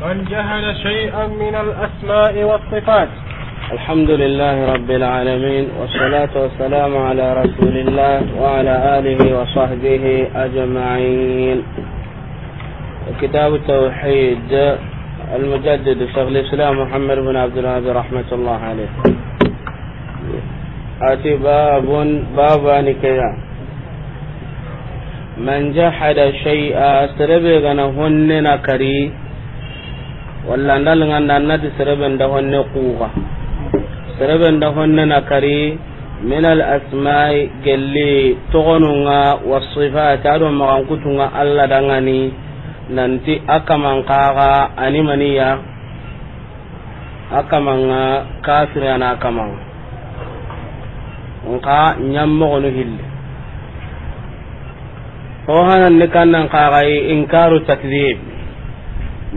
من جهل شيئا من الأسماء والصفات الحمد لله رب العالمين والصلاة والسلام على رسول الله وعلى آله وصحبه أجمعين كتاب التوحيد المجدد الشيخ الإسلام محمد بن عبد الله رحمة الله عليه أتي باب باب نكيان man jahada shay'a serebe gana honne na kari walla ndal nganda nati serebe nda honne kuga serebe nda honne na kari min al asma'i gelli togonunga was sifat ado magan kutunga alla dangani nanti akaman kaga ani maniya akamanga kafira na akamanga nka nyammo gonu hilli ho hanan ne kannan kaga inkaru takdhib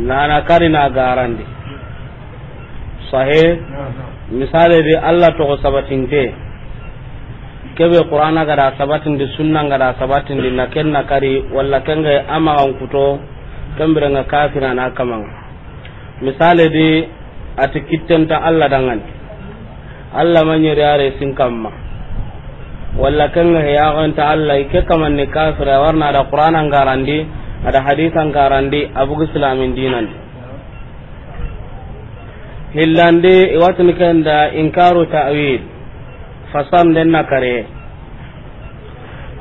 nana karina garandi sahe misale de allah togo sabatinte kebe qur'ana gada sabatindi sunna gada sabatindi na kenna kari walla kenga an kuto nga kafira na kamanga misale de ati kittenta allah dangani allah manyeri are sin kamma walla kanga heyaxonta allah ke ne kafira warna ada qur'an garandi ada hadith garandi abu islamin dinan hillande iwatini da inkaru ta'wil fasam den na kare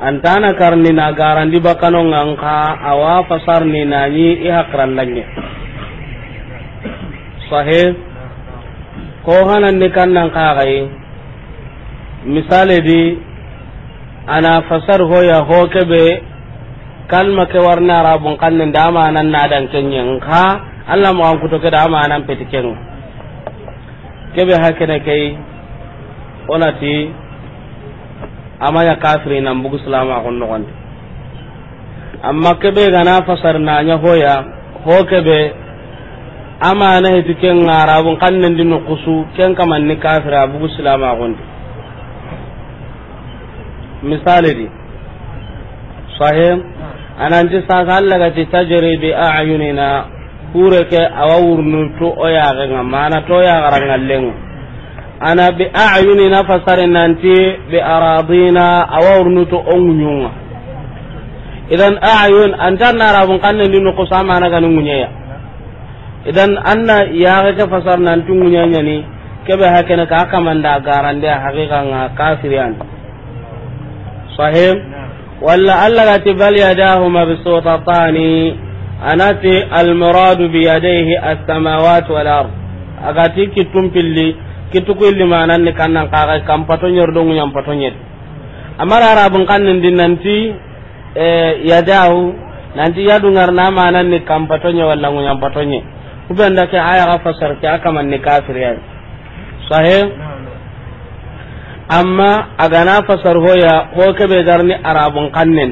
antana karni na garandi bakano ngangka awa fasar ni nani ihakran hakran lanye sahih ko hanan ni kannan ka gai misale di ana fasar hoya kebe kalma ke warna rabun kannin da amanan na dan kenyen ha Allah mu an kuto ke da amanan petiken kebe hakene kai ti amanya kafiri nan bugu salama kon nogon amma kebe na fasar na nya hoya ho hokebe amana hetiken arabun kannin dinu kusu ken kamanni kafira bugu salama kon misali di sahim sa ananti ga allagati tajri bi ayunina kureke awa wurnu to oya ga mana to ya garanga leng ana bi ayunina fasare nanti bi aradina awa wurnu to o idan ayun anta narabun kannendi nuku samanagani ŋuñeya idan anna ya ga yaxeke fasar nanti ni kebe hakene ka kamanda garande hakika haqiqa nga kafiri ani sahih walla allah gati bal yadahuma anati almuradu biyadayhi alsamawat walard agati kittum pilli kittukuilli mananni kannan amara arabun kannin nanti yadahu nanti mananni walla amma agana fasar hoya ho kebe garni arabun kannen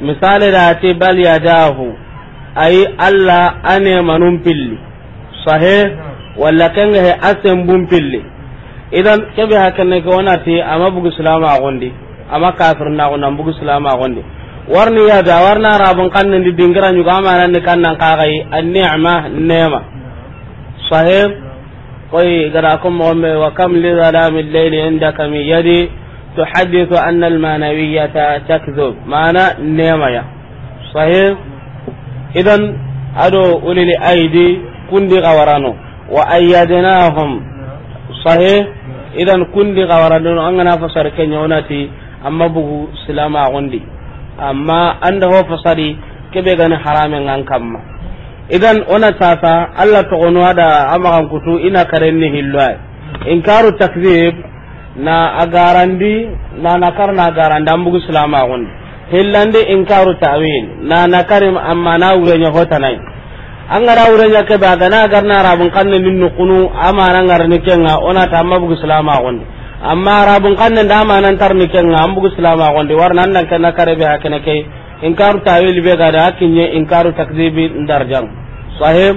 misali da ce bal ya dahu ayi allah ane manun pilli sahe walla kan ga asen bun pilli idan kebe hakan ne ko wani ti amma bugu salama a gondi amma kafir na gonna bugu salama a gondi warni ya da warna arabun kannen di dingira nyuga amanan ne kannan kakai an ni'ma nema sahih koy gara ko mo me wa kam li zalam al-layli indaka mi yadi tuhaddithu anna al-manawiyata takdhub mana nema ya sahih idan ado ulil aidi kundi gawarano wa ayyadnahum sahih idan kundi gawarano an gana fasari kebe gani haramen an idan ona tasa allah togono ada amakan kutu ina karenni hilloa inkaru takzib na agarandi na nakar na agarandi an bugu silama gundi hillandi inkaru ta'wil na nakari amma na wurenya hotanai an gara wurenya kebe agana agarna rabun kanne nin nukunu amana ngarni kenga ona ta amma bugu silama gundi amma rabun kanne da amana tarni kenga an bugu silama gundi warna annan kana karebe hakene kai inkaru tawil be ga da kinye inkaru takdibi ndarjang sahib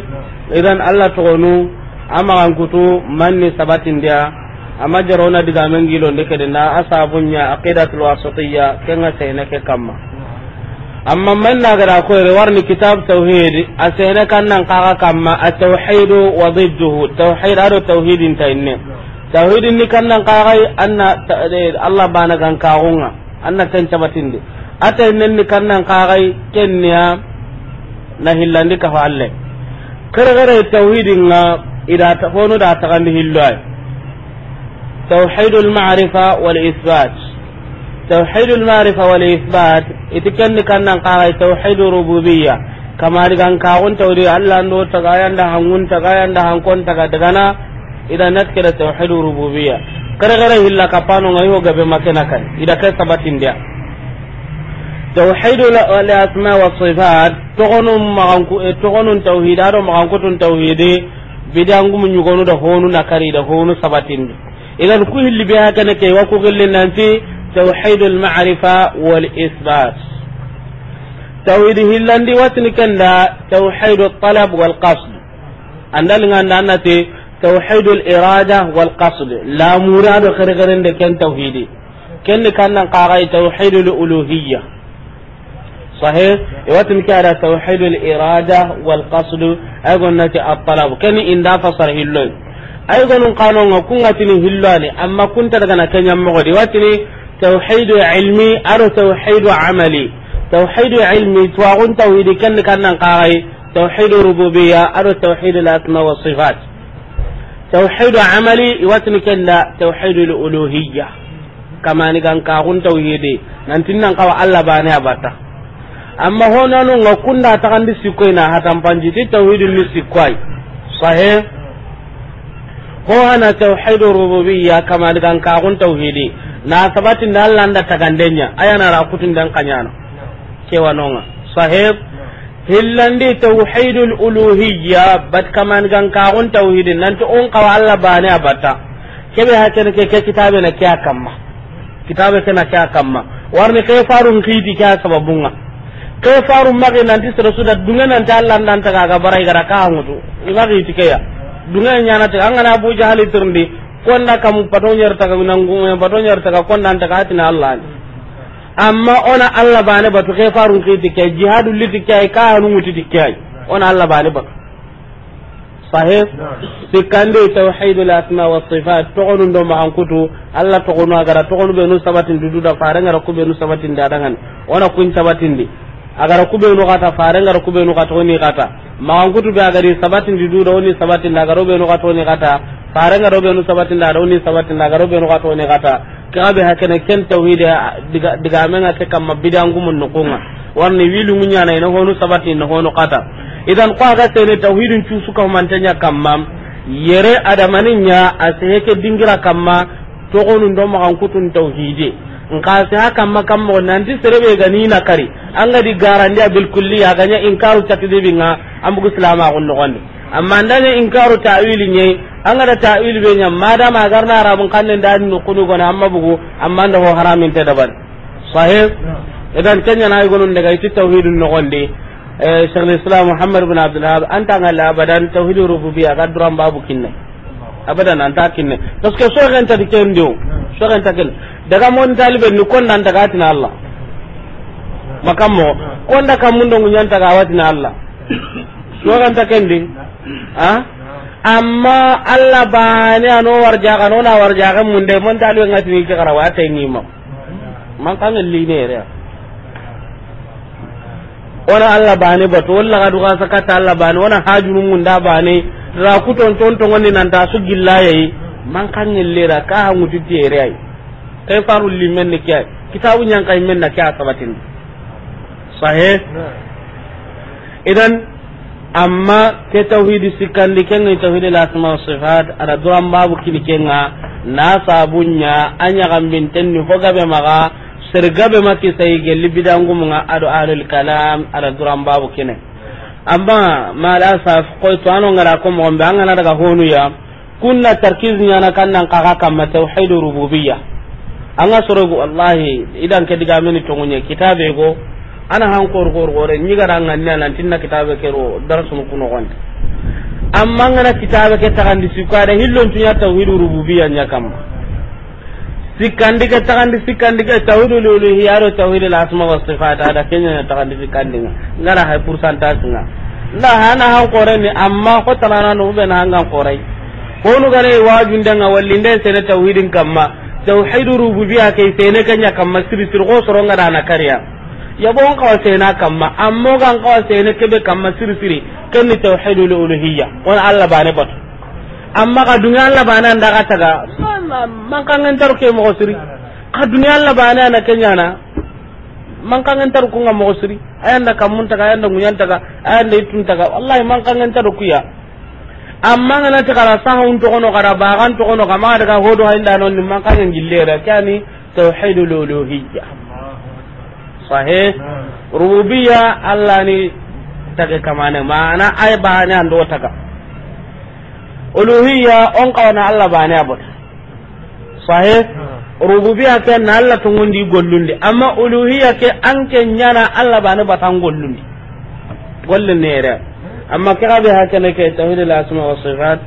idan allah togonu amma kan kutu manni sabatin dia amma jarona diga men gilo ndeke de na asabunya aqidatul wasatiyya kenga sayne ke kamma amma man na gara ko re warni kitab tauhid asene kan nan kaga kamma at tauhid wa didduhu tauhid aro tauhidin tayne tauhidin ni kan nan kaga anna allah bana gan kaunga anna tan sabatin dia ata nenni kannan kaxay kenniya na hillandi kafa alle keregere nga ida fonu da taxandi hillo ay tawhidu lmarifa walisbat tawhidu lmarifa walisbat iti kenni kannan kaxay tawhidu rububiya ka on tawdi allah ndo taga yanda hangun taga yanda hankon daga na ida natkeda tawhidu rububiya keregere hilla ngai ho gabe makena kan ida sabatin dia توحيد الاسماء والصفات تغنوا مغنكو إيه، تغنوا توحيد ادو مغنكو تون توحيد بيدانغو من يغونو دا هونو نكاري دا هونو سباتين اذا كل اللي بها كان كي وكو نانتي توحيد المعرفه والاثبات توحيد هيلاندي واتنكن دا توحيد الطلب والقصد عندنا عندنا تي توحيد الإرادة والقصد لا مراد خير غير كان توحيدي كان كان قاعد توحيد الألوهية صحيح يوتم كارا توحيد الإرادة والقصد أيضا الطلب كني إن فصر هلوي أيضا قانون كنا تني هلواني أما كنت لغنا كان يمغدي واتني توحيد علمي أرو توحيد عملي توحيد علمي تواغن توحيد كن كان قاري توحيد ربوبية أرو توحيد الأسماء والصفات توحيد عملي يوتني كان توحيد الألوهية كما نكان كاغن توحيدي نانتين نانقاو الله باني أباتا amma honanu nga kunda disiko ina na panji ti tauhidul ni sahih ko ana tauhidur rububiyya kama digan ka gun tauhidi na sabatin da Allah da tagandenya aya ra kutun dan kanyana ke nonga sahib hillandi tauhidul uluhiyya bat kama digan ka gun tauhidi nan to on kawa Allah ne abata kebe hakan ke ke kitabe na kiya kamma kitabe na kiya kamma warne kai farun kidi kiya sababunga ke faru magi nanti sera suda dunga nanti allah nan taga barai gara ka ngudu iba ri tikaya dunga nyana te anga eh, na bu jahali turndi konda kamu patonya rta ga nangu patonya rta ga konda nan taga tina allah amma ona allah bane batu ke faru ki tikaya jihadu li tikaya ka anu muti tikaya ona allah bane batu sahih sikande tauhid al asma wa sifat tuqunu ndo ma ankutu allah tuqunu agara tuqunu benu sabatin dududa faranga rakubenu sabatin dadangan ona kun sabatin di agara kube no kata fare ngara kube no kata oni kata ma ngutu be agari sabatin di do oni sabatin da agaro be no kata oni kata fare ngara be no sabatin da oni sabati da agaro be no kata oni kata be hakene ken tawhid diga diga menga te kam bidangu mun nukunga warni wilu munya na ina honu sabati ina honu kata idan kwa ga sene tawhidin cu suka mantanya kamma yere adamaninya asheke dingira kamma togonun do ma ngutu tawhide nka se ha kamma kammo nanti serebe gani na kari an ga di garandi bil kulli ya ganya inkaru takdibi nga ambu islama gon nogondi amma ndane inkaru ta'wili nye an ga da be nya a agar na kan kanne da ni kunu gona amma bugu amma nda ho haramin ta daban sahih idan kanya na gonun daga ita tauhidun daga mon talibe ni kon nan daga tin Allah makammo kon da kam mun dongu nyanta ga watin Allah so kan ta kendi ha amma Allah ba ne ano warja kan na warja kan mun de mon talibe ngati ni kara wata ni ma man kan li ne re ona Allah ba ne bato walla ga duka sakata Allah ba ne ona hajunu mun da ba ne ra kuton ton ton ngani nan ta su yayi man kan ra ka mu mutu tiere ai kai faru limen ne kiyai kitabu nyan kai men na kiyai sabatin sahe idan amma ke tauhidi sikandi kenga tauhidi la asma sifat ada duran babu kini kenga na sabunya anya gambin tenni hoga be maga sai gelli bidangu munga ado ahlul kalam ada duran babu amma ko to ngara ko mo daga honu ya kunna tarkiz kaka rububiyya an ga sorogu wallahi idan ke diga mini tongunya kitabe go ana han kor kor gore ni gara nganna nan tinna kitabe ke ro darsu mu kuno gon amma ngana kitabe ke tagan di tagandi da hillon tunya tawhidu rububiyya nya kam sikandi ke tagan tagandi sikandi ke tauhid uluhiyya ro tauhid al asma was sifat ada kenya tagandi sikandi ngara hay pourcentage nga la hana han kore ni amma ko talana no be na hangan kore ko nu gare wajun danga wallinde sene tawhidin kamma tauhid rububiyya kai sai ne kanya kan masiri sir go soro ngada na kariya ya bon ka yabon na kan ma ammo gan kawa sene kebe kamma siri siri kenni tauhid uluhiyya on allah bane bat amma ka dunya allah bana nda ka taga man kan ngan taru ke mo siri ka dunya allah bana na kanya na man kan ngan taru ko ngam mo siri ayanda kamun taga ayanda ngunyan taga ayanda itun taga wallahi man kan ngan taru ya amma ganati gara sahun togono gara bagan togono ga ma daga hodo hinda non ni man kan gillera kani tauhid uluhiyya sahih rububiyya allah ni take kamane mana ay bani ando taka uluhiyya on kawana allah bani abot sahih rububiyya ke na allah tungundi gollundi amma uluhiyya ke anke nyana allah bani batangollundi gollunere amma kaga haka ne kai tawhid al asma wa sifat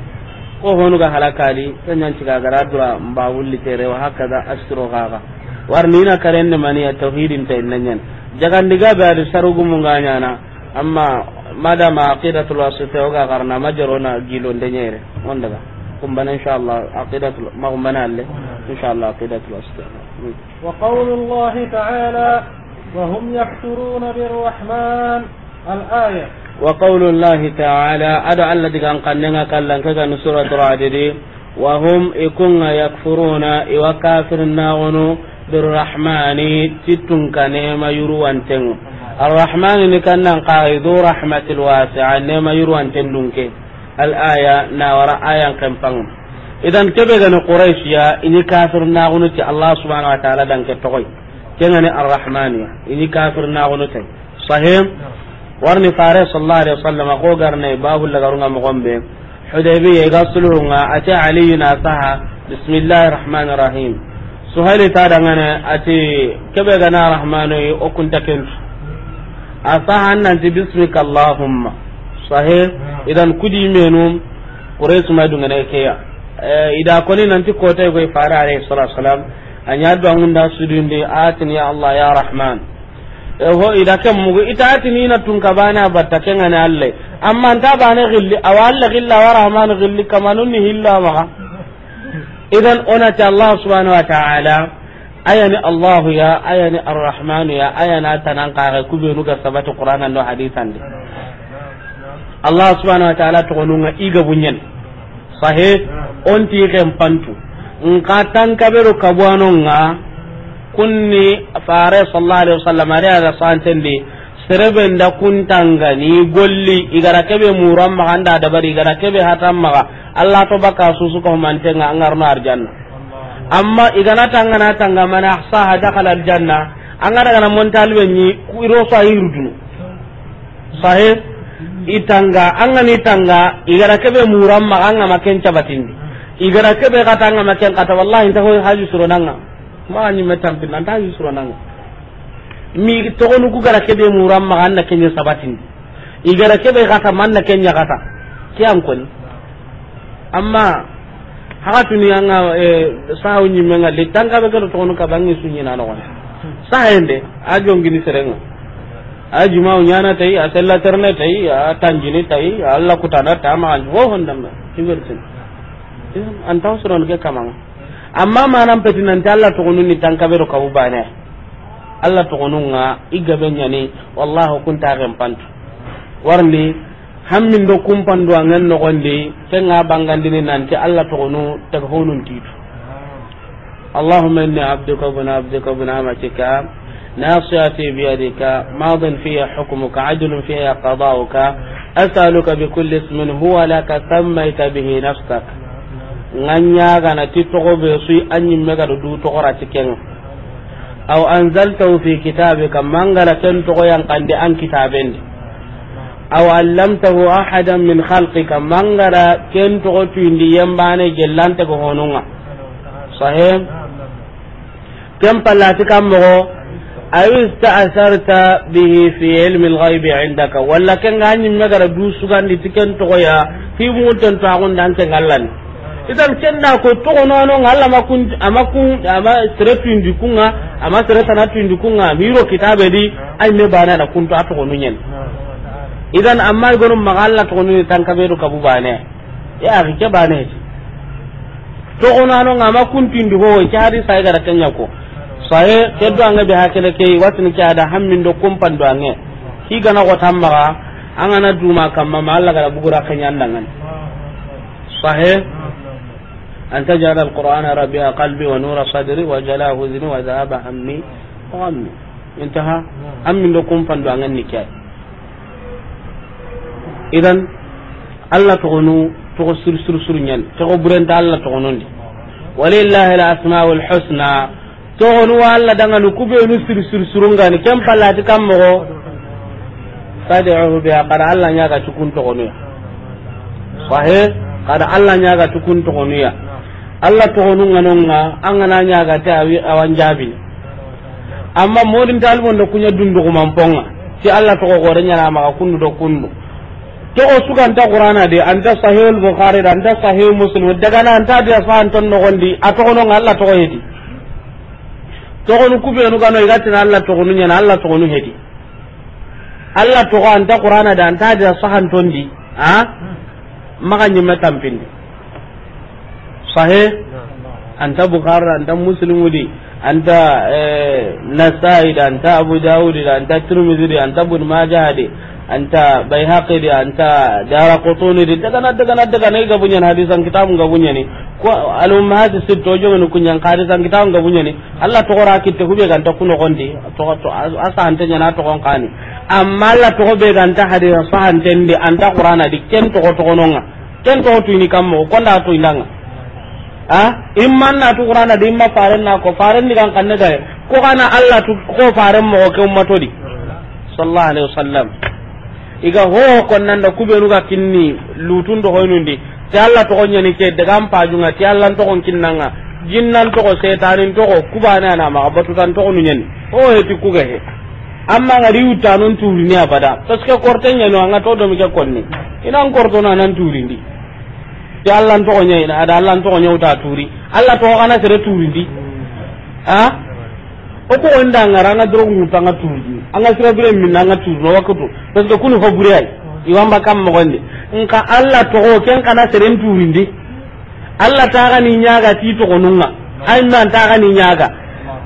ko honu ga halakali tanyan ciga gara dura ba wulli tere wa hakaza astro gaga warni na karen mani ya tauhidin ta innanyan jagan diga be adu sarugu ganya na amma madama aqidatul wasita ga garna majarona gilon de nyere on daga bana insha Allah aqidatul ma bana alle insha Allah aqidatul wasita wa qawlullahi ta'ala wa hum yaqturuna birrahman al ayah wa qawlu llahi ta'ala ada alla digan kannenga kallan kaga ni suratul adidi wa hum ikunga yakfuruna iwa kafirna gono birrahmani titun kanema yuruwantengu arrahmani ni kannan qaidu rahmatil wasi'a nema yuruwanten dunke al aya na wara ayan kempangu idan kebe gani quraish ya ini kafir na gono ti allah subhanahu wa ke kafir na warni fare sallallahu alaihi wasallam ko garne babu la garunga mo gombe hudaybiya ga sulhunga ati ali na saha bismillahir rahmanir rahim suhali ta dangane ati kebe gana rahmanu o kun ken a saha nan ti bismika allahumma sahih idan kudi menu quraysu ma dunga dungane keya e, ida koni nan ti kota ko fare alaihi wasallam anya do ngunda sudunde atin ya allah ya rahman ho ida ken mu ita na tun kabana batta kengani alle amma anta bane gilli awa gilla wa rahman gilli ni hilla maga idan ta allah subhanahu wa ta'ala ayani allah ya ayani arrahman ya ayani atanan kaga kubenu ga sabati qur'ana no hadisan de allah subhanahu wa ta'ala to gonunga iga bunyen on ti ken pantu nka tankabero kabuanonga kunni fare sallallahu alaihi wasallam ari santen santende sereben da kuntanga ni golli igara kebe muram ma anda da bari igara kebe hatam ma Allah to baka susu ko mantenga angarno arjanna amma igana tangana tanga mana ahsa hada dakhala aljanna angara kana montalbe ni iro sahi rudunu sahi itanga angani tanga igara kebe muram ma anga maken cabatindi igara kebe katanga maken kata wallahi ta hoy haju suronanga ma ni na pin anta na nga. mi togonu ku gara kebe muram ma anna kenya sabatin gara kebe gata manna kenya gata kiyan koni amma haka tuni anga e sahu ni menga litanga be gara togonu ka bangi sunyi na no sahende ajongini serenga ajuma nyana tai a sella terne tai a tanjini tai allah kutana tama ho hondam kibertin an taw suron ke kamanga amma manan peti nan Allah to gonun ni tankabero kabu bane Allah to gonun ga igabe nyani wallahu kunta gempantu warni hammin do kumpandu angen no gonde tenga bangandini nanti Allah to gonu titu اللهم إني عبدك وابن عبدك وابن عمتك ناصيتي بيدك ماض فيها حكمك عدل فيها قضاؤك أسألك بكل اسم هو لك سميت به نفسك nganya gana ti togo be sui anyi mega du togo rati ken aw anzalta fi kitabika mangala ken togo yang kande an kitaben aw allamtahu ahadan min khalqika mangala ken togo tuindi yambane gelante ko honunga sahem kem palati kam mogo aw ista'sarta bihi fi ilmi alghaybi 'indaka walla ken ganyin mega du sugandi tiken togo ya fi mu ten ta gondan ken ngallani itam na ko togonoano no ngala makun amakun ama tretu indikunga ama tretu na tuindi kunga miro kitabe di ay me bana na kunto a togonu nyen idan amma gonu maga to togonu ni tan kabe do kabu bane ya ri ke bane togonoano no ngama kun tuindi ho ke hadi sai gara kenya ko sai ke do anga be hakele ke watni ke ada hammin do kumpan do ange gana ko anga na duma kamma ma alla gara bugura kenya ndangan sahe أن تجعل القرآن ربيع قلبي ونور صدري وجلاء أذني وذهاب همي وغمي انتهى أم من لكم فندو عن النكاية إذن الله تغنو تغو سر سر سر نيان تغو برنت الله تغنون دي ولله الأسماء الحسنى تغنو الله دعنا نكوبي نسر سر سر نغاني كم فلاتي كم مغو فادعوه بها قد الله نياغا تكون تغنو صحيح قد الله نياغا تكون تغنو allah togonu nganonga angana ñagate awi awan jaabini amma modin talibondo kuña dunduguman ponga ci allah togo gore ñanamaga kundu do kundu togo suganta qur'ana de anta sahih bukhari da anta sahih muslim daga na anta da sahan ton no gondi a togo no allah togo hedi togo nu nu gano igati na allah togo nu nyana allah togo nu hedi allah togo anta qur'ana da anta da sahan ton di ha maka nyimme tampindi sahih anta bukhari anta muslim wudi anta eh, nasai da anta abu dawud da anta tirmidhi da anta ibn majah da anta baihaqi da anta daraqutuni da daga nan daga nan daga ko al-ummahat sitto jo men kunyan hadisan kitabun nga bunya ne Allah to gora kitte hube ga ta kuno gonde to to asa anta nyana to kani amma Allah to be ga anta hadisan sahan tende anta qur'ana di ken to to gononga ken to to ni kammo ko nda to indanga a imman na tu qur'ana di imma faren na ko faren ni kan kanne da ko kana allah tu ko faren mo ko ummato di sallallahu alaihi wasallam iga ho kon nan da kube ruga kinni lutun do hoynundi ti allah to gonya ni ke daga am nga ti allah to gon kinnanga jinnan to ko setanin to ko kubana na ma abatu tan to nyen o ti kuga he amma ngari utanun ni abada paske korten nyano anga to do mi ke konni inan na nan turindi ti allah to ko ñayina ada allah ko togo ñawta turi allah to kana sere tuurindi ha o ko da ngara anga drogue turi anga tuurdi anga na bire minna anga tuurino wakkutu parce que kuni hobure ay iwamba kam gonde nka allah ko ken kana turi tuurindi allah taxani ñaga ti nunga ay nan nyaa ñaga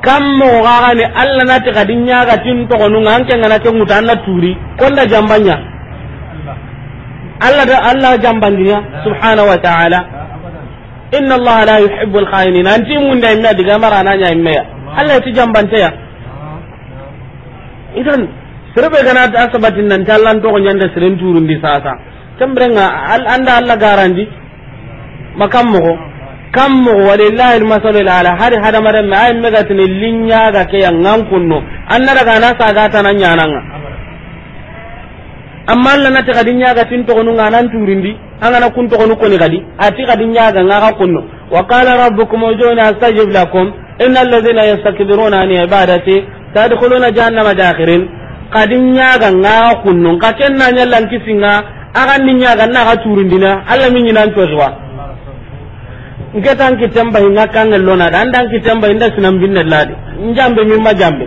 kam ga ni allah nati xadi ñaga tin togonunga an kengana ke ŋuta an na tuuri konda jambanya allah da allah jambandiya subhanahu wa ta'ala inna allah la yuhibbu al khayinin anti mun da imma diga mara nya imma allah ti jambante ya idan sirbe gana ta asabatin nan tallan to gonyan da sirin turun di sasa tambrenga al anda allah garandi makam mo kam mo walillahi al ala hari hada maran ma ay megatini linya ga ke yan ngankunno annara gana na ga tananya nan amma Allah na gadi nya ga tin to nun anan turindi an ana kun to ko ni gadi ati gadi nya ga nga ga kunno wa qala rabbukum ujuna astajib lakum inna alladhina yastakbiruna an ibadati tadkhuluna jahannama dakhirin nya ga nga kunno ka kenna lan kisinga ni nya ga na ga turindina Allah min yinan to zuwa nke tan kitemba hinaka ngelona lona da andan kitemba inda sinam binne ladi njambe min ma jambe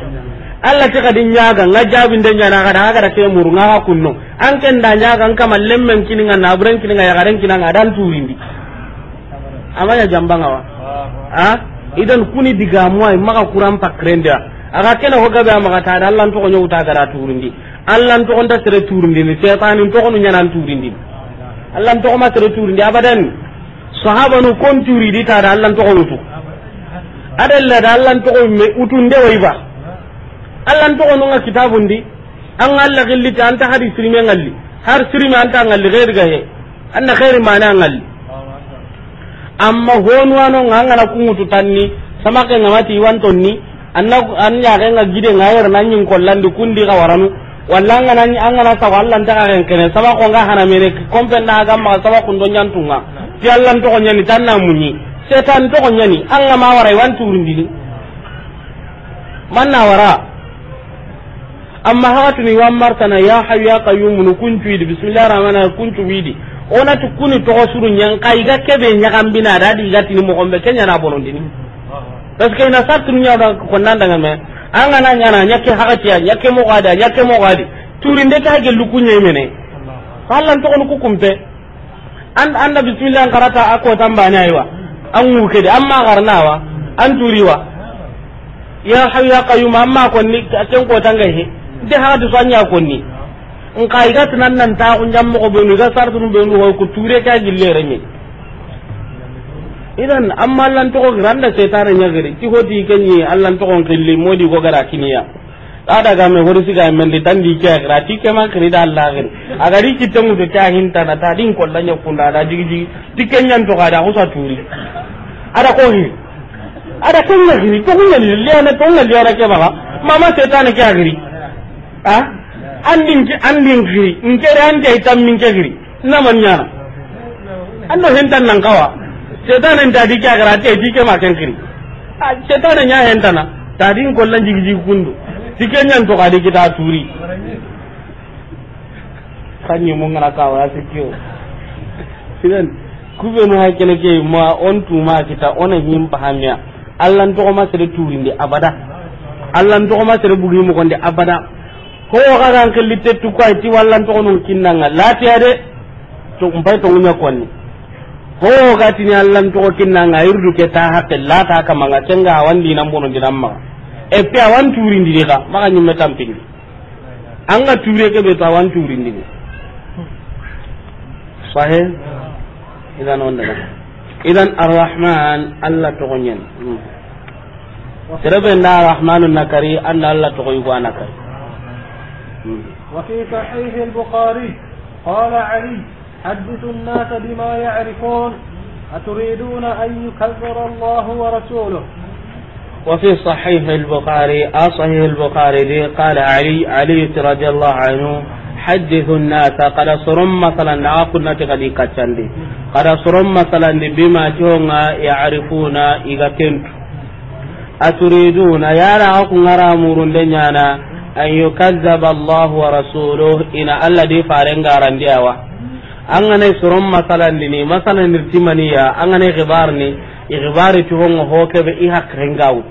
Allah ta kadin ga nga jabin den nyana kada aga da kai muru nga kunno an kan da nyaga an kama lemmen kini nga na buren kini nga ya garen kini nga dan turindi amanya jambanga wa ha idan kuni diga muai maka kuran pakrenda aga kena ga ba amaka ta Allah to ko nyuta gara di Allah to on ta turin di ni setan to ko nyana di Allah to ko ma turin di abadan sahaba no kon di ta da Allah to ko lutu adalla da Allah to ko me wai ba. allah to onunga kitabundi anga allah gillita anta hari sirime ngalli har sirime anta ngalli ghairi gahe anna khairi mana ngalli amma honuwano nga ngana kungutu tanni samake ngamati iwantonni anna anyakenga gide ngayer nanyin kollandi kundi kawaranu walla ngana angana sago allah ta ken kene saba ko nga hana mene kompen na ga ma saba kun don yantunga ti allah to ko nyani tan munyi setan to ko nyani anga ma wara wan turindini man na wara amma wan martana ya hayu ya qayyum nu kuncuidi bismillahir rahmanir rahim ona tu kuni togo suru ñanka iga keɓe ñagambina da di igatini mogonɓe ke ñana dini. parce que ina sartinu ñawda konnandaga me angana nyake mo gada nyake mo a turi nde ta ge ha gellu kuñeimene hallan togonu ku kumpe an anda bismillah an karata a kotambane aywa an ŋukedi amma garnawa an turiwa ya hayya ya qayuma amma konni ken kotangahe de ha du sanya konni in ka iga tinan nan ta kun jam ko be ga sar tun be ho ku ture ka gille renye idan amma lan to ko granda setare nya gari ti hoti kenyi allan to ko kille modi ko gara kiniya ada ga me hori siga men di tan di ke gara ti ke man kri da allah gari aga ri kitte mu ta hinta na ta din kollan nya funda da jigi jigi ti kenyan to ga da sa turi ada ko hi ada kenya giri to kunna le na to kunna le ara ke baba mama setan ke agri a andin andin giri nkere anta itam min kegiri na nan kawa gara dike ma ken a setan hentana tadi ko lan jigi jigi kundu tikenya to kadi kita turi yi mun ngana kawa sikio sidan kube no hakene ke ma on tuma kita ona e him pahamya allan to ma sere turinde abada allan to ma sere bugi mo konde abada ho ga ran kallite tu ko ti wallan to non kinnanga lati ade to mbay to ngunya konni ho ga tini allan to ko kinnanga irdu ke ta hakke lata ka manga cenga wandi nan bono dinan ma e pe awan turi ndire ka maka nyume tamping ga turi ke be tawan turi ndire sahe idan onda idan arrahman allah to gonyen sirabe hmm. na rahmanun nakari anda allah to ko yugo anakari وفي صحيح البخاري قال علي حدثوا الناس بما يعرفون أتريدون أن يكبر الله ورسوله وفي صحيح البخاري آه، صحيح البخاري دي قال علي علي رضي الله عنه حدث الناس قد سرم مثلا أقول آه، نتغدي كتشندي قد سرم مثلا بما جون يعرفون إذا كنت أتريدون يا رأيكم أرامور لنيانا an yukazzaba Allah wa rasuluhu ina Allah dai faren garan diyawa an gane ne suron masalan ni masalan dirtimaniya an ghibar ne ghibar ni igbari tu hongo ho kebe i gawu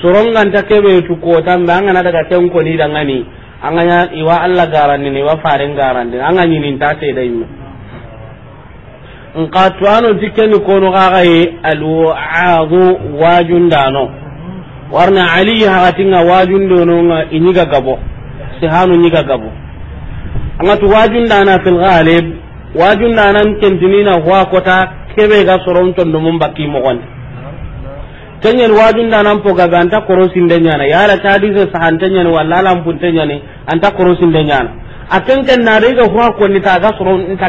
suron gan ta kebe bai tuko tan ba an gane daga tan ko ni gani an gane iwa Allah garan ni wa faren garan din an gane ni ta sai dai mu in qatuano tikeni kono ka ga al wa'adu wajundano warna ali hakatinga wajundononga inyiga gabo sihanu nyiga gabo angatu dana fil ghalib wajundanan kentinina huwa kota kebe ga soron condomum bakki mogonde kenyen korosin pogabe anta korosinde ñana yala tadise sahan tanyen walla alampunte tanyani anta korosinde ñana a kenken nada iga huwa konni taga soro nta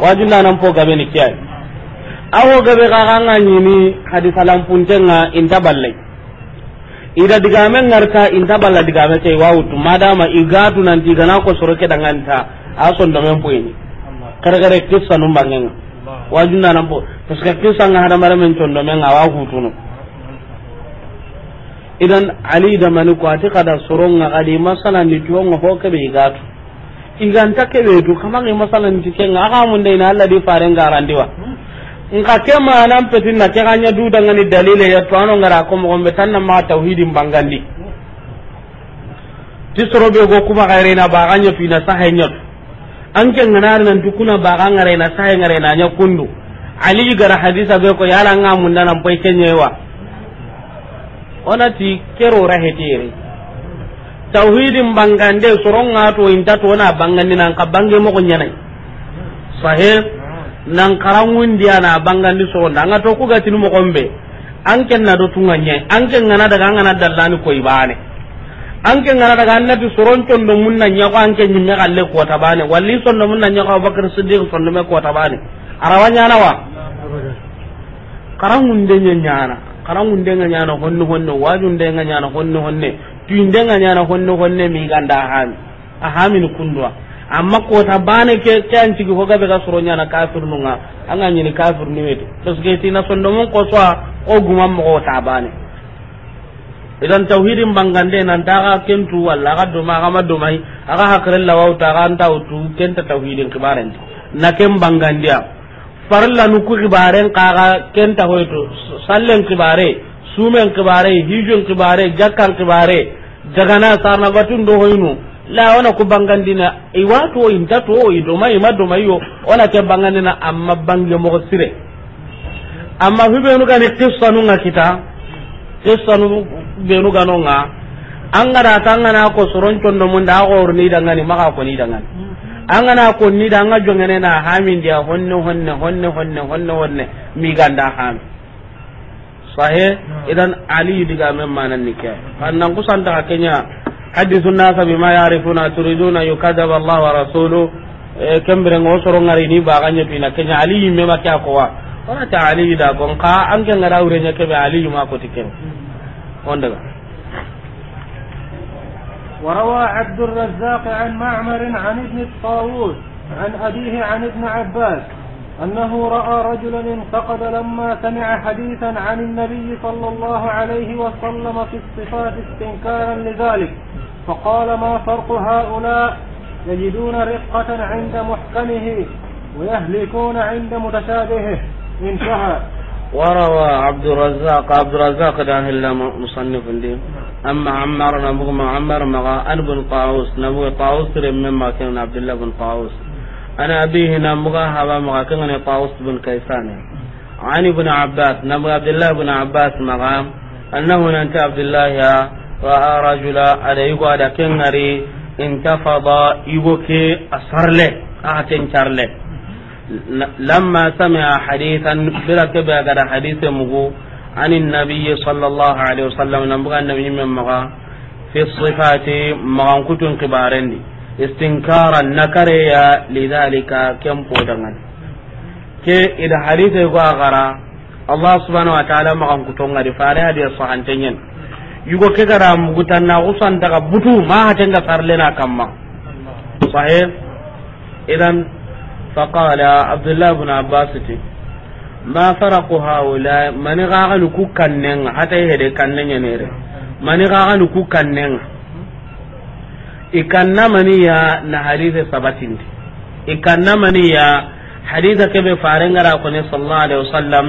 wajun dana siri ga be ni kiyai awo gabe kakanga ñini hadi salampuntenga inta balle ida digame ngarta inta balla digame kei wawutu madama igatu nanti igana ko soroke danganta a sondomen poyni kare kissa num wajuna nan po to que kissa nga tondo men awa hutunu idan ali da maliku ati kada nga kadi masana ni nga ho kebe igatu iganta kebe tu masana ni ti nga aka mun dai na Allah di farenga randiwa nka ke manan petin na ke ganya du daga ni dalile ya to anon ngara ko mo be na ma tauhidin bangandi ti be go kuma gaire na ba ganya fi na sahenya an ke na nan dukuna ba ngare na sahe ngare na nya kundu ali gara hadisa be ko yala nga mun nan pai kenyewa onati kero rahetiri tauhidin bangande soron to inta to na bangandi nan ka bange mo ko nyanai sahih nan dia na bangan di sogonda nga to kugatini mogonɓe an ken na do tunga ñayi an ken ngana daga an ngana dallani koy baane an ken ngana daga annati soroncondo mun na ko an ke ñimme xalle koota baane walli sondo mun na ñako aboubacar sidik sondume koota baane arawa ñanawa karangunde ñe ñana karangunde nga honno honne honne de nga ñana honne honne tuyinde nga na honne honne mi ganda a hami a amma kota bane ke ke an cigi hoga be ga suronya na kafir nunga anga nyini kafir ni wetu to suke tina sondo mun ko swa o guma mo ko ta bane idan tauhidin bangande nan ta ga kentu walla ga do ma ga ma do mai aga hakran lawa ta ga anta utu kenta tauhidin kibaren na kem bangandiya farla nu ku kibaren ka ga kenta hoyto sallen kibare sumen kibare hijun kibare jakkan kibare daga na sarna batun do hoynu la wana ku bangandina i o inta to i doma ima doma yo wana ke bangandina amma bange mo sire amma hu benu gani qissa nu nga kita qissa nu benu no nga angara na ko soron condo mun da gor ni ma maka ko ni dangani na ko ni da nga ne na hamin dia honne honne honne honne honne honne mi ganda ham sahe hmm. idan ali diga memmanan nikya annan kusanta kenya حدث الناس بما يعرفون تريدون أن يكذب الله ورسوله كم برن وصر غريني باغني فينا كن علي مما كاكوا ولا تعالي دا قا انكن غدا ورنيا كبي علي ما كوتكن وندغا وروى عبد الرزاق عن معمر عن ابن الطاووس عن أبيه عن ابن عباس أنه رأى رجلا انتقد لما سمع حديثا عن النبي صلى الله عليه وسلم في الصفات استنكارا لذلك فقال ما فرق هؤلاء يجدون رقة عند محكمه ويهلكون عند متشابهه انتهى وروى عبد الرزاق عبد الرزاق ده إلا مصنف دي أما عمار نبو معمر مغا أن بن طاووس نبو طاووس من ما كان عبد الله بن طاووس ana abihi na muga haba maga kanga ne taus bin kaisan ani ibn abbas na muga abdullah ibn abbas maga annahu nan ta abdullah ya wa rajula ada yugo ada kengari intafada yugo ke asarle a ten charle lamma sami'a hadithan bila ke ba ga hadithe mugu istinkaran nakareya lidhalika ken podangan ke ida hadithe go agara allah subhanahu wa ta'ala makan kutongadi fare hadiya sahantenyen yugo ke gara mugutanna usan daga butu ma hatenga sarlena kamma sahih idan faqala abdullah ibn abbas ti ma faraqu haula man ga'alu ku kannenga hata hede kannenya nere man ga'alu ku ikannamaniya na hadise sabatindi ikannamaniya hadisa keɓe ko ne sallallahu alaihi wasallam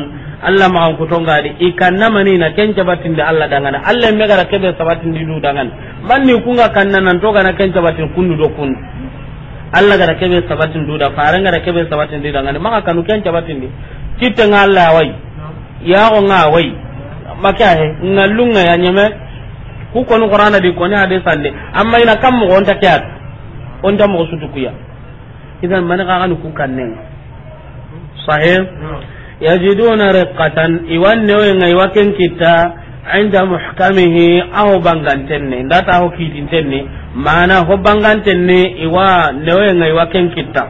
allah maxan na ikannamanina batin de allah dangana allah me gara sabatin di du dangana manni ga na ken batin kundu do kundu allah gara be sabatin ke be sabatin di dangana ma kanu batin di kittenga allah way yaxonga way make ahe ngalunga ya nyame ku koni qur'ana di koni ade sande amma ina kam mo onta kya onta mo sutu kuya idan man ga anu ku kannen sahih hmm. yajiduna riqatan ne we ngai waken kita inda muhkamihi aho bangantenne ndata aho kidintenne mana ho bangantenne iwa newe ngai waken kita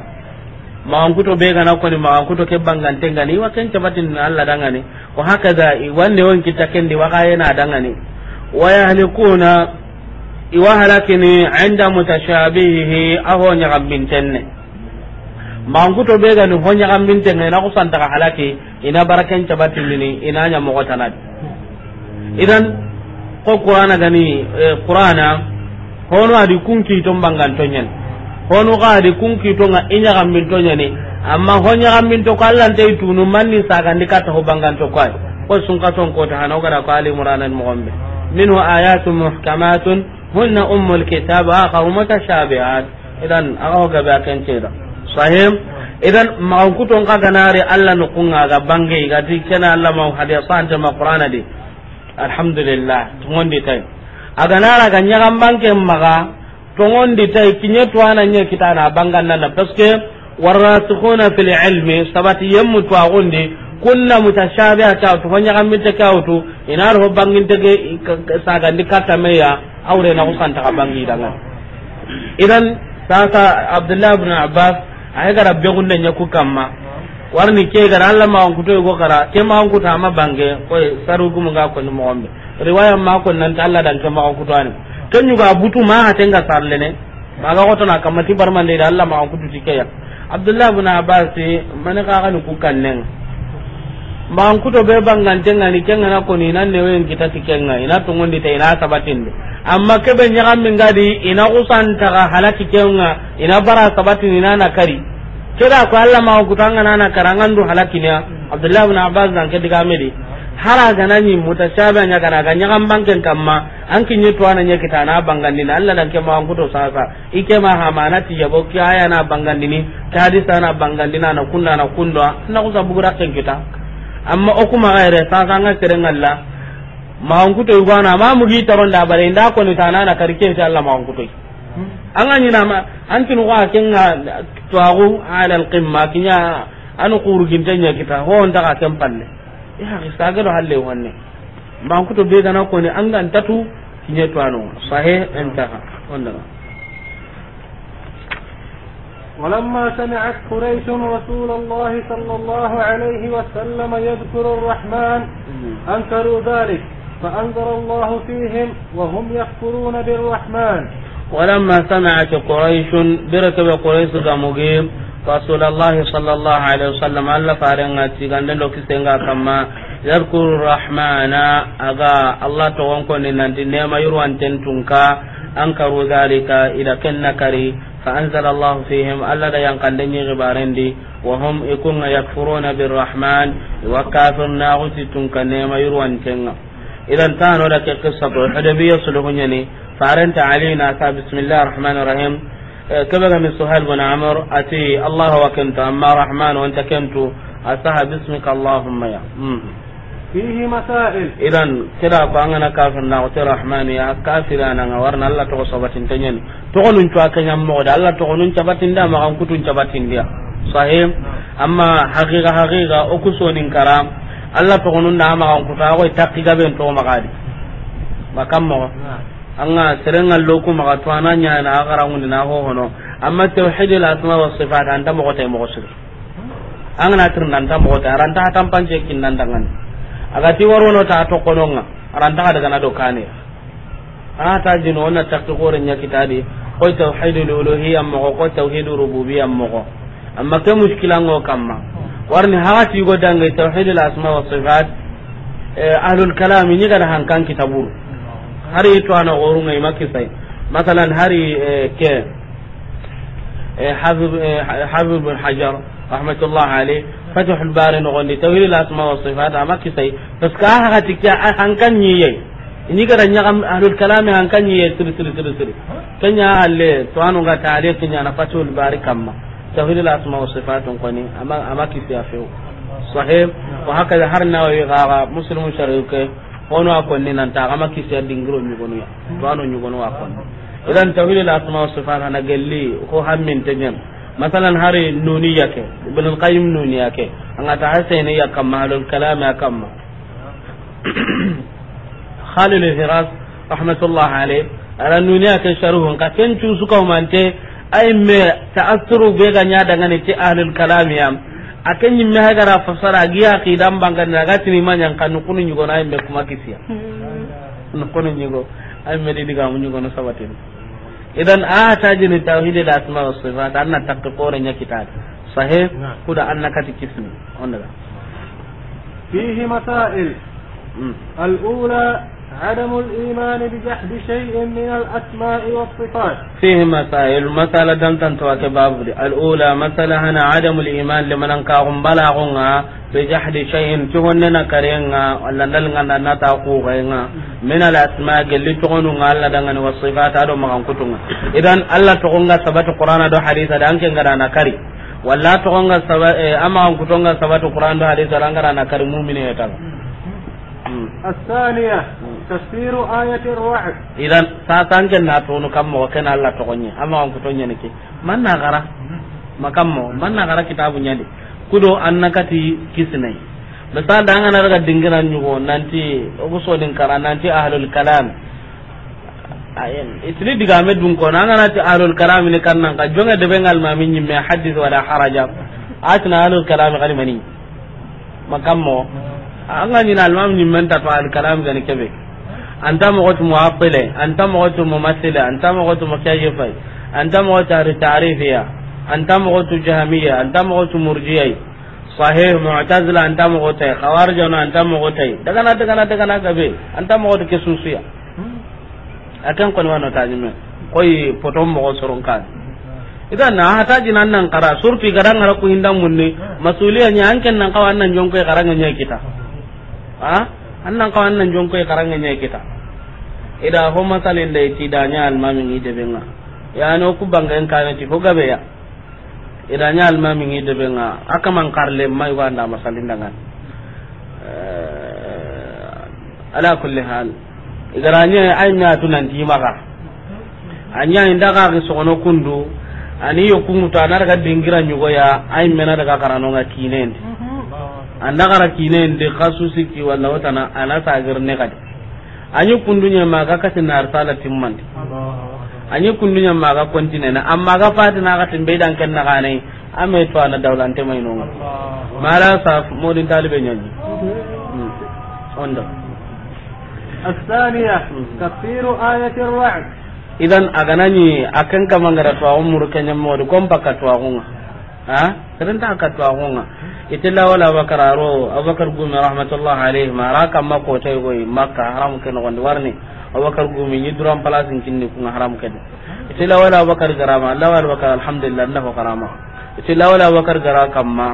mawankuto be gana koni mawankuto ke bangantengani iwa waken tabatin Allah dangane ko hakaza iwanne won kita kendi waka yana dangane ويهلكون iwahalakini inda mutashabihihi aho ñagambintenne mankuto ɓegani ho ñagambintenge ina kusantaga halaki ina baraken ina ñamogotanadi idan ko qur'ana gani qur'ana hono adi kunkiiton bangantoñen hono ka adi kunkiitonga i amma ho ko allantei tunu manni sagandi katta ho ko mogonɓe منه آيات محكمات هن أم الكتاب آخر متشابهات إذن أغاو قبع كنتيدا صحيح إذن ما كنتم ناري ألا نقونا بانجي قد كنا ألا ما حديث صانجم القرآن دي الحمد لله دي تاي aganara ga nyagan banke maga tongondi tay kinye twana nye kitana bangan nana parce que warasikhuna fil ilmi sabati yemmu twa gondi kunna mutashabiha ta to fanya kan ta ka to ina ro bangin ta take saga ndikata ya aure na kusan ta bangi da nan idan sasa abdullah ibn abbas ay gara be gunde nyaku kamma warni ke ga Allah ma wanku to go kara ke ma wanku ta ma bange ko saru gumu ga ko mo ombe riwaya ma ko nan Allah dan ke ma wanku to kutani kan yu ga butu ma ha sarle ne ma ga ko to na kamati barman da Allah ma on kutu tikeya abdullah ibn abbas mani ka ga ni ku kan nan man kuto be jenga ni kenga na koni nan ne wen kita tikenga ina di tai ina sabatinde amma kebe nyaga min gadi ina usan ta halaki kenga ina bara sabatin ina na kari keda ko Allah ma tanga na na du halaki ne Abdullah bin Abbas dan ke diga medi hara gana ni mutashabe nya gana ga nyaga banken kamma an kinye to anan nya kita na bangan na Allah dan ke ma to sasa ike ma ya bokki aya na bangandi ni tadi sana bangandi na kunna na kunna na kusabugura kita amma o kuma gaire sa kan ga keren Allah ma hanku to igwana ma mu gi taron da bare nda ko ni tanana karike insha Allah ma hanku to an ga na ma an tin wa kin to tuagu ala al qimma kinya an quru gintanya kita ho nda ka kan palle ha sa ga do halle wonne ma hanku to be dana ko ni an ga tatu kinya anu sahe ha wanda ولما سمعت قريش رسول الله صلى الله عليه وسلم يذكر الرحمن أنكروا ذلك فأنزل الله فيهم وهم يكفرون بالرحمن ولما سمعت قريش بركب قريش مقيم رسول الله صلى الله عليه وسلم ألا فارنغتي غندن لو كما يذكر الرحمن أغا الله تغنكو ننتي نيما يروان تنتنكا أنكروا ذلك إذا كن نكري فأنزل الله فيهم ألا دا ينقلني غبارين دي وهم يكون يكفرون بالرحمن وكافر ناغوت تنكني ما يروان كنا إذا كانوا لك قصة الحدبية صلحنيني فأرنت علينا بسم الله الرحمن الرحيم كبر من سهيل بن عمر أتي الله وكنت أما رحمن وأنت كنت أسها باسمك اللهم يا فيه مسائل اذا كلا فأنا كافر نعوت الرحمن يا كافر انا ورنا الله تقول صبتين تنين تقول أنت أكني مود الله تقول أنت باتين دا ما كنت كتون تباتين ديا صحيح حقيقه حقيقه او كسون كرام الله تقول أنت ما عم كتون أقول تقيقة بين تو مغادي ما كم مغ anga serenga ما maga tuana nya na agara هو na ho توحيد amma والصفات asma was مغسل anda mo ko tay mo ko sir anga na agati warono ta to kononga aranta kada kana do kane ana ah, ta jino na takto gore nya kitadi ko tauhidul uluhiyya mo ko tauhidur rububiyya mo amma ke mushkila ngo kamma warni hawati go dangai tauhidul asma wa sifat eh, ahlul kalam ni kada hankan kitaburu hari to ana gorunga makisai masalan hari eh, ke حافظ حافظ بن حجر رحمة الله عليه fatihul bari nogondi tawhid al asma wa sifat ama kisai ha hati ah, an kan ahlul an kan sir sir sir sir to anu ga tare na bari kamma tawhid al asma wa sifat on koni kisai sahib wa haka har nawawi gaga muslimu sharuke ono akonni nan ta kisai ya to anu idan tawhid al asma wa sifat gelli ko hammin masalan hari nuniya ke ibn al-qayyim nuniya ke anga ta hasaini ya kam mahalul kalam ya kam khalil al-hiras rahmatullah alayh ara nuniya ke sharuhun ka ken cu suka humante ay me ta'assuru be ga nya daga ne ti ahlul kalam ya akan yin meha gara fasara giya kidan bangan daga tini manyan kanu kunun yugo na ay me kuma kisiya kunun yugo ay me diga mun yugo na sabatin idan a tajin tauhid da asma wa sifat anna taqqore nya kitab sahih kuda anna kati kismi onda fihi masail hmm. al-ula عدم الإيمان بجحد شيء من الأسماء والصفات فيه مسائل مسألة دمتن توكباب الأولى مسألة هنا عدم الإيمان لمن انكاهم بلاغنا بجحد شيء تهننا كرينا ولا نلغنا نتاقوغينا من الأسماء اللي تغنونا الله دنغن والصفات هذا ما كتونا إذن الله تغنى ثبت قرآن دو حديثة دانك انغرانا كري ولا تغنى ثبت أما كتونا ثبت قرآن دو حديثة دانك انغرانا كري مؤمنين يتغن الثانية tafsiru ayatir ru'd idan sa sangen na tonu kammo kana Allah to gonye amma on kutonya nake man na gara makammo man na gara kitabu nyade kudo annakati kisnai misal da ngana daga dingiran nyugo nanti obuso din kara nanti ahlul kalam ayen itini diga me dun ko nanga nati ahlul kalam ni kannan ka jonga de bengal ma min nyimme hadith wala haraja atna ahlul kalam kalimani makammo anga ni almam nyimmen ta to al kalam gani kebe anta mogotu muattile anta mogotu mumathila anta mogotu mukayyifa anta mogotu ta'rifiya anta mogotu jahmiya anta mogotu murjiya sahih mu'tazila anta mogotu khawarij anta mogotu daga na daga na daga na gabe anta mogotu kesusiya hmm. akan kon wano tajime koy potom mogo soron kan idan na hata jinan hmm. nan kara surtu garan ngara ku hindam munni masuliya nya anken nan kawan nan jonko garan nya kita ha hmm. ah? annan kawan nan jonko e karanga nya kita ida ho masalin dai yiti da nya almamin ide benga ya no ku bangan kana ti ho gabe ya ida nya almamin ide benga aka man karle mai wa wanda masalin da ngan eh, ala kulli hal igaranye anya tunan ti maka anya inda ka ki sono kundu ani yo kungu ta na daga dingira nyugo ya ay mena daga karano ga kinendi anda gara kine ndi kasu siki wala watana ana agir ne kadi anyu kundunya maga kati na arsala timmandi anyu kundunya maga kontine na amma ga na ga timbe dan kan na kane ame to ana te mai nonga mara sa modin talibe nyanyi hmm. onda الثانية hmm. تفسير آية الرعد idan aganani akan kamangara to awon murkanya modu kompa katwa hunga ha serentak katwa hunga itilla wala bakar aro abakar gumi rahmatullah alayhi ma raka mako tay goy makka haram ken won warni abakar gumi ni duram palasin kinni ko haram ken itilla wala bakar garama allah wala bakar alhamdulillah nafa karama itilla wala bakar gara kamma ma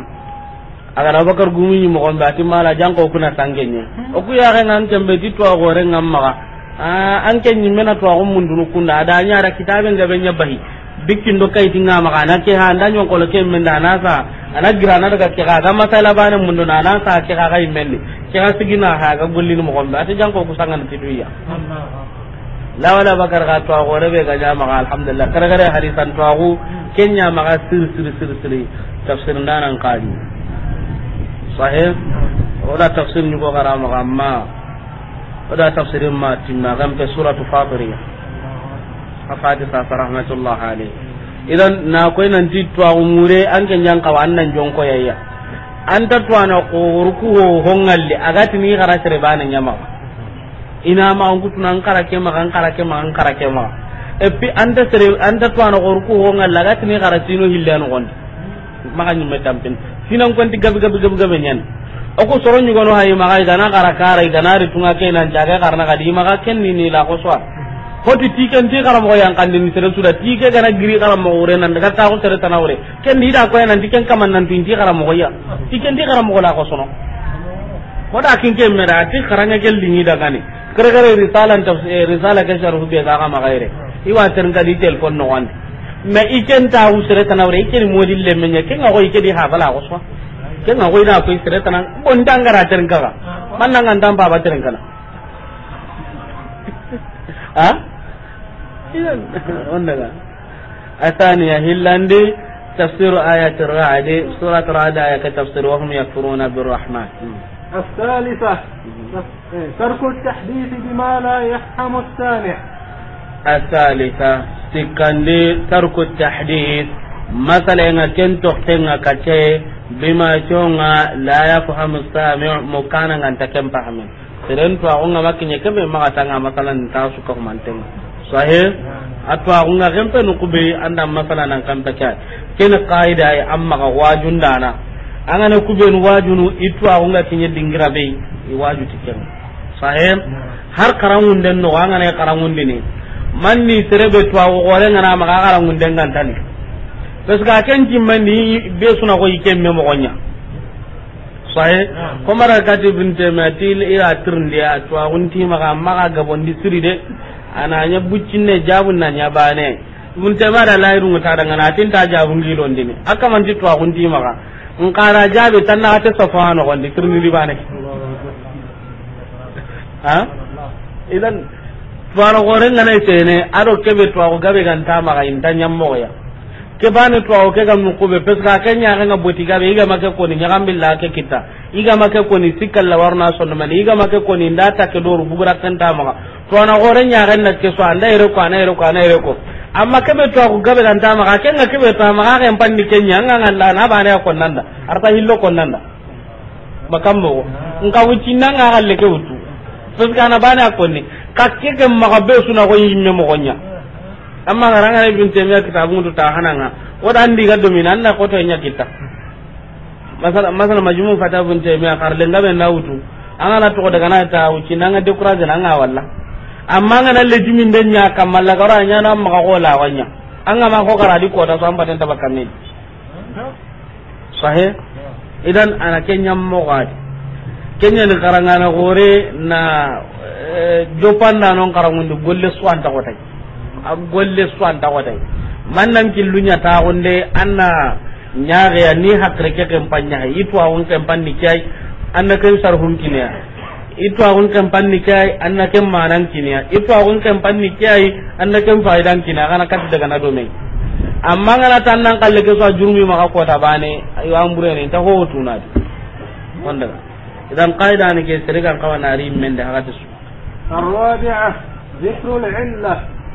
agar abakar gumi ni mo gombe ati mala janko kuna tangenye o ku ya ran an tembe ti to gore ngam ma an ah, ken ni mena to ko mundunu kuna adanya ra kitaben gaben bahi bikin do kai tinga maka na ke ha ndanyo ko ke men dana sa ana girana daga ke ga masala bana mun do nana sa ke ga kai men ke ga sigina ha ga gullin mo gombe ati janko ku ti duya la wala bakar ga to gore be ga jama ga alhamdulillah kare kare hari san to agu kenya maka sir sir sir sir tafsir an qadi sahih wala tafsir ni ko garama ga ma wala tafsir ma tinna gambe suratu fatiha fasadi sasa rahmatullah alayhi idan na koy nan ti umure mure an ke jan kawa an nan jonko yayya an ta na ana ko ruku ho hongalli agati ni gara sere na nyama ina ma an kutu nan kara ke ma kan kara ke ma kan kara ke ma epi an ta sere an ta na ana ko ruku ho ngalla agati ni gara sino hillan gon maka nyume pin sinan kon ti gabi gabi gabi gabi nyen oku soro ma hayi maka igana kara kara na ritunga ke nan jaga karna ma maka ken ni ni la ko swa hoti tiken ti karam ko yang kandin sere suda tike kana giri karam mo ure nan daga ta ko sere tanawre ken ni da ko nan tiken kaman nan tin ti karam ko ya tiken ti karam ko la ko sono ko da kin ke mera ti karanga gel dingi daga ni kare kare risalan ta eh, risala ke sharhu be ga ma gaire iwa tan ga di tel kon no wan me iken ta u sere tanawre iken mo dille men ya ken ko ike di ha bala ko so ken ko ina ko sere tana bon dangara tan ga man nan an dan baba tan kana ha idan wanda ga athaniya hillandi tafsir ayat ar-ra'd surat ar-ra'd ayat tafsir wa hum yakfuruna bir-rahman الثالثة ترك التحديث بما لا يفهم السامع الثالثة تكندي ترك التحديث مثلا كنت تختنى كتشي بما شونا لا يفهم السامع مكانا أنت كم فهمه seren to agunga makinye kebe magatanga masalan ta suka kumantenga sahe atwa agunga kempe nukube anda masala nan kampe kya kene qaida ay amma ga wajun dana angane kube nu wajunu itu agunga kinye dingira be i waju tikken sahe har karangun den no angane karangun dini manni serebe to agore ngana maga karangun den gantani parce que akenki manni be suna ko ikemme mo gonya sahi ah. ko mara kati a to agun ti maka maka siri de jabun na nya bane binte da lahiru tin ta jabun aka man ti ti maka in tan na ta di ha idan ngana aro kebe gabe kan ta maka ke bane to awo ke gam nukube pes ka ke nyaare nga boti ga iga make koni ga mbilla ke kita iga make koni sikal la warna sonno man iga make koni ndata ke doru bugura ma ga. to na gore ga na ke so anda ere ko ana ere ko ana ere ko amma ke be to ko gabe dan ta ga ke nga ke be ma ga ke pan ni ke nga la na bane ko nanda arta hillo ko nanda makammo nka wuci ga le ke wutu pes kana bane ko ni ka ke ke ma ga be suna ko yimme mo nya. amma garanga ne bin temiya kitabun to ta hananga o dan diga do min anna ko to nya kita masala masala majmu fata bin temiya karle ngabe na wutu anga na to daga na ta wuci nanga de kuraje nga walla amma nga na lejimin den nya kamalla garanya na amma ko la wanya anga ma ko karadi ko ta samba den ta sahe idan ana kenya gadi kenya ni karangana gore na eh, jopanda non karangundi golle suwanta kotai golle su an tago dai man nan killunya ta gonde anna nyaare ya ni hakre ke kampanya itu awun kampanni kai anna kan sarhun kinya itu awun kampanni kai anna kan manan kinya itu awun kampanni kai anna kan faidan kinya kana kat daga na do mai amma ngana tan nan kalle ke so jurmi ma ko ta bane ayo ambure ne ta ho tuna wanda idan qaida ne ke sirgan kawana ri men da haka su الرابعة ذكر العلة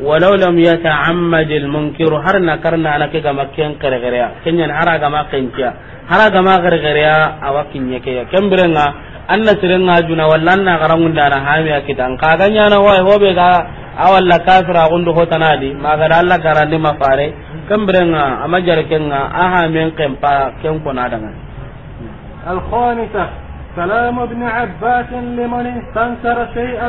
walau lam yata amma jil munkiru har na kar na na ke gama ken karegariya kenya na har a gama kenciya a gama ya ken bire an na sire nga juna wala na kara mun da na hami a kita nka ka nya hobe ka a wala ka sira kun duho ta na ni ma fare ken bire nga a hami ken pa ken ko na danga. الخامسة سلام ابن عباس لمن استنكر شيئا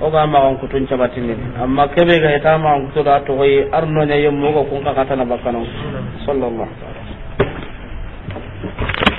oga on kutun ne amma ke be ga ma on kutu da to hoye arno toxoye yemmo ko kun ka kata na bakkano sallallahu alaihi wasallam